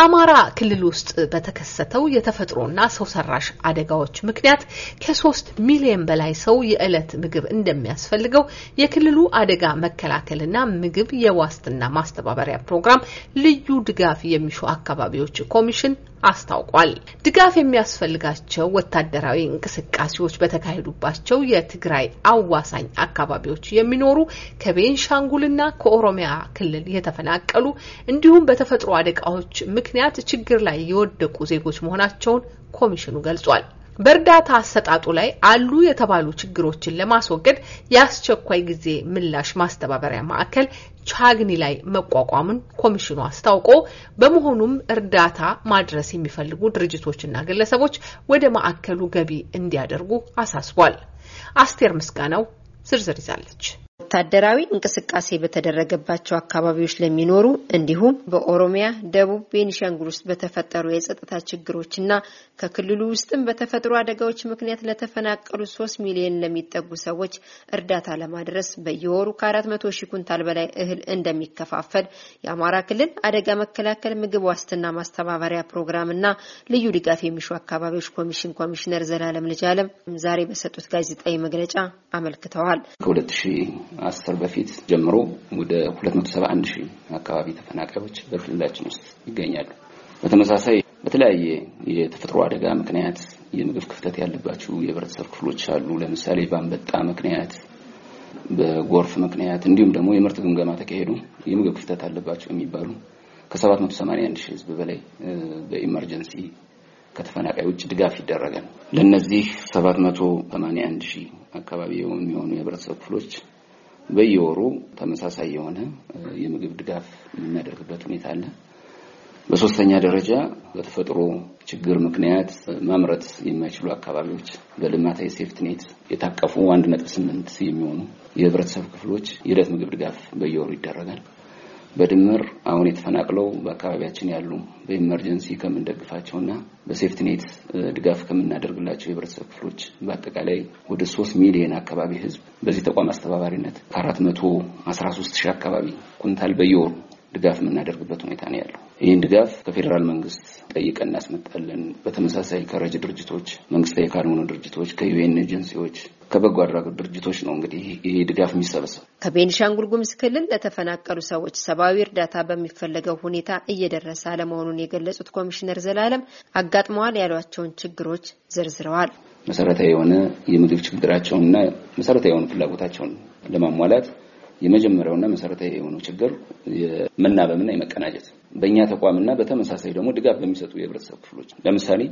አማራ ክልል ውስጥ በተከሰተው የተፈጥሮና ሰው ሰራሽ አደጋዎች ምክንያት ከሶስት ሚሊዮን በላይ ሰው የዕለት ምግብ እንደሚያስፈልገው የክልሉ አደጋ መከላከልና ምግብ የዋስትና ማስተባበሪያ ፕሮግራም ልዩ ድጋፍ የሚሹ አካባቢዎች ኮሚሽን አስታውቋል። ድጋፍ የሚያስፈልጋቸው ወታደራዊ እንቅስቃሴዎች በተካሄዱባቸው የትግራይ አዋሳኝ አካባቢዎች የሚኖሩ ከቤንሻንጉልና ከኦሮሚያ ክልል የተፈናቀሉ እንዲሁም በተፈጥሮ አደጋዎች ምክንያት ችግር ላይ የወደቁ ዜጎች መሆናቸውን ኮሚሽኑ ገልጿል። በእርዳታ አሰጣጡ ላይ አሉ የተባሉ ችግሮችን ለማስወገድ የአስቸኳይ ጊዜ ምላሽ ማስተባበሪያ ማዕከል ቻግኒ ላይ መቋቋሙን ኮሚሽኑ አስታውቆ በመሆኑም እርዳታ ማድረስ የሚፈልጉ ድርጅቶችና ግለሰቦች ወደ ማዕከሉ ገቢ እንዲያደርጉ አሳስቧል። አስቴር ምስጋናው ዝርዝር ይዛለች። ወታደራዊ እንቅስቃሴ በተደረገባቸው አካባቢዎች ለሚኖሩ እንዲሁም በኦሮሚያ፣ ደቡብ፣ ቤኒሻንጉል ውስጥ በተፈጠሩ የጸጥታ እና ከክልሉ ውስጥም በተፈጥሮ አደጋዎች ምክንያት ለተፈናቀሉ ሶስት ሚሊዮን ለሚጠጉ ሰዎች እርዳታ ለማድረስ በየወሩ ከአራት መቶ ሺህ ኩንታል በላይ እህል እንደሚከፋፈል የአማራ ክልል አደጋ መከላከል ምግብ ዋስትና ማስተባበሪያ ፕሮግራም ና ልዩ ድጋፍ የሚሹ አካባቢዎች ኮሚሽን ኮሚሽነር ዘላለም ልጅ አለም ዛሬ በሰጡት ጋዜጣዊ መግለጫ አመልክተዋል። አስር በፊት ጀምሮ ወደ 271 ሺህ አካባቢ ተፈናቃዮች በክልላችን ውስጥ ይገኛሉ። በተመሳሳይ በተለያየ የተፈጥሮ አደጋ ምክንያት የምግብ ክፍተት ያለባቸው የህብረተሰብ ክፍሎች አሉ። ለምሳሌ በአንበጣ ምክንያት፣ በጎርፍ ምክንያት እንዲሁም ደግሞ የምርት ግምገማ ተካሄዱ የምግብ ክፍተት አለባቸው የሚባሉ ከ781 ሺህ ህዝብ በላይ በኢመርጀንሲ ከተፈናቃዮች ውጭ ድጋፍ ይደረጋል። ለእነዚህ 781 ሺህ አካባቢ የሚሆኑ የህብረተሰብ ክፍሎች በየወሩ ተመሳሳይ የሆነ የምግብ ድጋፍ የምናደርግበት ሁኔታ አለ። በሶስተኛ ደረጃ በተፈጥሮ ችግር ምክንያት ማምረት የማይችሉ አካባቢዎች በልማታዊ ሴፍትኔት የታቀፉ አንድ ነጥብ ስምንት የሚሆኑ የህብረተሰብ ክፍሎች የዕለት ምግብ ድጋፍ በየወሩ ይደረጋል። በድምር አሁን የተፈናቅለው በአካባቢያችን ያሉ በኤመርጀንሲ ከምንደግፋቸውና በሴፍትኔት ድጋፍ ከምናደርግላቸው የህብረተሰብ ክፍሎች በአጠቃላይ ወደ ሶስት ሚሊዮን አካባቢ ህዝብ በዚህ ተቋም አስተባባሪነት ከአራት መቶ አስራ ሶስት ሺህ አካባቢ ኩንታል በየወሩ ድጋፍ የምናደርግበት ሁኔታ ነው ያለው። ይህን ድጋፍ ከፌዴራል መንግስት ጠይቀን እናስመጣለን። በተመሳሳይ ከረጅ ድርጅቶች፣ መንግስታዊ ካልሆኑ ድርጅቶች፣ ከዩኤን ኤጀንሲዎች ከበጎ አድራጎት ድርጅቶች ነው እንግዲህ ይሄ ድጋፍ የሚሰበሰብ። ከቤኒሻንጉል ጉምዝ ክልል ለተፈናቀሉ ሰዎች ሰብአዊ እርዳታ በሚፈለገው ሁኔታ እየደረሰ አለመሆኑን የገለጹት ኮሚሽነር ዘላለም አጋጥመዋል ያሏቸውን ችግሮች ዘርዝረዋል። መሰረታዊ የሆነ የምግብ ችግራቸውንና መሰረታዊ የሆኑ ፍላጎታቸውን ለማሟላት የመጀመሪያውና መሰረታዊ የሆነው ችግር የመናበብና የመቀናጀት በእኛ ተቋምና በተመሳሳይ ደግሞ ድጋፍ በሚሰጡ የህብረተሰብ ክፍሎች ለምሳሌ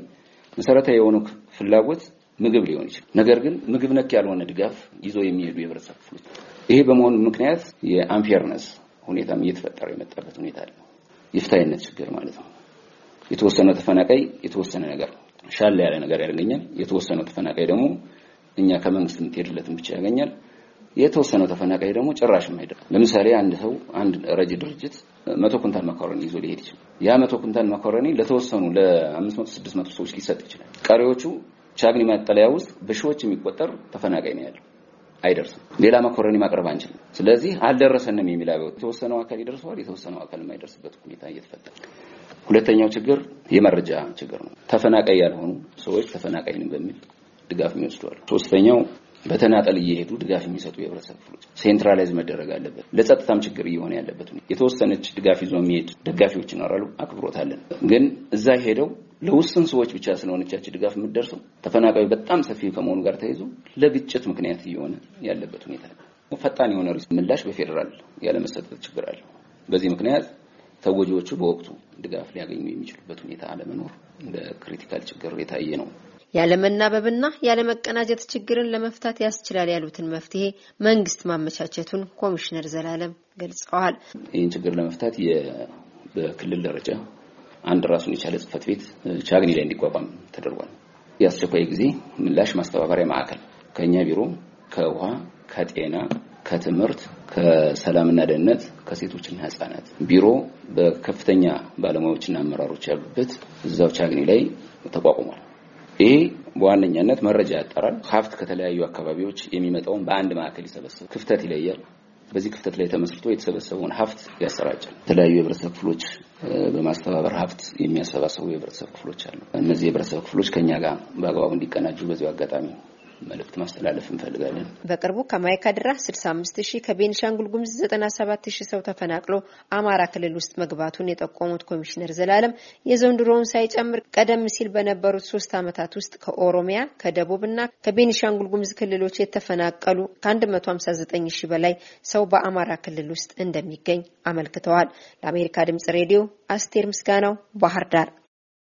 መሰረታዊ የሆኑ ፍላጎት ምግብ ሊሆን ይችላል። ነገር ግን ምግብ ነክ ያልሆነ ድጋፍ ይዞ የሚሄዱ የህብረተሰብ ክፍሎች ይሄ በመሆኑ ምክንያት የአንፌርነስ ሁኔታም እየተፈጠረ የመጣበት ሁኔታ አለ። የፍትሃዊነት ችግር ማለት ነው። የተወሰነው ተፈናቃይ የተወሰነ ነገር ሻለ ያለ ነገር ያገኛል። የተወሰነው ተፈናቃይ ደግሞ እኛ ከመንግስት የምትሄድለትን ብቻ ያገኛል። የተወሰነው ተፈናቃይ ደግሞ ጭራሽ ማይደር። ለምሳሌ አንድ ሰው አንድ ረጅ ድርጅት መቶ ኩንታል መኮረኒ ይዞ ሊሄድ ይችላል። ያ መቶ ኩንታል መኮረኒ ለተወሰኑ ለአምስት መቶ ስድስት መቶ ሰዎች ሊሰጥ ይችላል። ቀሪዎቹ ቻግኒ ማጠለያ ውስጥ በሺዎች የሚቆጠር ተፈናቃይ ነው ያለው። አይደርስም። ሌላ መኮረኒ ማቅረብ አንችልም። ስለዚህ አልደረሰንም የሚል የተወሰነው አካል ይደርሰዋል፣ የተወሰነው አካል የማይደርስበት ሁኔታ እየተፈጠረ ሁለተኛው ችግር የመረጃ ችግር ነው። ተፈናቃይ ያልሆኑ ሰዎች ተፈናቃይን በሚል ድጋፍ የሚወስዷል። ሶስተኛው በተናጠል እየሄዱ ድጋፍ የሚሰጡ የህብረተሰብ ክፍሎች ሴንትራላይዝ መደረግ አለበት። ለጸጥታም ችግር እየሆነ ያለበት የተወሰነች ድጋፍ ይዞ የሚሄድ ደጋፊዎች ይኖራሉ። አክብሮት ግን እዛ ሄደው ለውስን ሰዎች ብቻ ስለሆነቻች ድጋፍ የምትደርሰው ተፈናቃዩ በጣም ሰፊ ከመሆኑ ጋር ተይዞ ለግጭት ምክንያት እየሆነ ያለበት ሁኔታ ነው። ፈጣን የሆነ ምላሽ በፌዴራል ያለመሰጠት ችግር አለ። በዚህ ምክንያት ተጎጂዎቹ በወቅቱ ድጋፍ ሊያገኙ የሚችሉበት ሁኔታ አለመኖር እንደ ክሪቲካል ችግር የታየ ነው። ያለመናበብና ያለመቀናጀት ችግርን ለመፍታት ያስችላል ያሉትን መፍትሄ መንግስት ማመቻቸቱን ኮሚሽነር ዘላለም ገልጸዋል። ይህን ችግር ለመፍታት በክልል ደረጃ አንድ ራሱን የቻለ ጽህፈት ቤት ቻግኒ ላይ እንዲቋቋም ተደርጓል። የአስቸኳይ ጊዜ ምላሽ ማስተባበሪያ ማዕከል ከእኛ ቢሮ ከውሃ፣ ከጤና፣ ከትምህርት፣ ከሰላምና ደህንነት፣ ከሴቶችና ህጻናት ቢሮ በከፍተኛ ባለሙያዎችና አመራሮች ያሉበት እዛው ቻግኒ ላይ ተቋቁሟል። ይሄ በዋነኛነት መረጃ ያጣራል። ሀብት ከተለያዩ አካባቢዎች የሚመጣውን በአንድ ማዕከል ይሰበስብ፣ ክፍተት ይለያል። በዚህ ክፍተት ላይ ተመስርቶ የተሰበሰበውን ሀብት ያሰራጫል። የተለያዩ የህብረተሰብ ክፍሎች በማስተባበር ሀብት የሚያሰባሰቡ የህብረተሰብ ክፍሎች አሉ። እነዚህ የህብረተሰብ ክፍሎች ከኛ ጋር በአግባቡ እንዲቀናጁ በዚሁ አጋጣሚ መልእክት ማስተላለፍ እንፈልጋለን። በቅርቡ ድራ 65 ሺህ ከቤኒሻንጉል ጉምዝ 97 ሺህ ሰው ተፈናቅሎ አማራ ክልል ውስጥ መግባቱን የጠቆሙት ኮሚሽነር ዘላለም የዘንድሮውን ሳይጨምር ቀደም ሲል በነበሩት ሶስት ዓመታት ውስጥ ከኦሮሚያ ከደቡብና ከቤኒሻንጉል ጉምዝ ክልሎች የተፈናቀሉ ከ159 ሺህ በላይ ሰው በአማራ ክልል ውስጥ እንደሚገኝ አመልክተዋል። ለአሜሪካ ድምጽ ሬዲዮ አስቴር ምስጋናው ባህር ዳር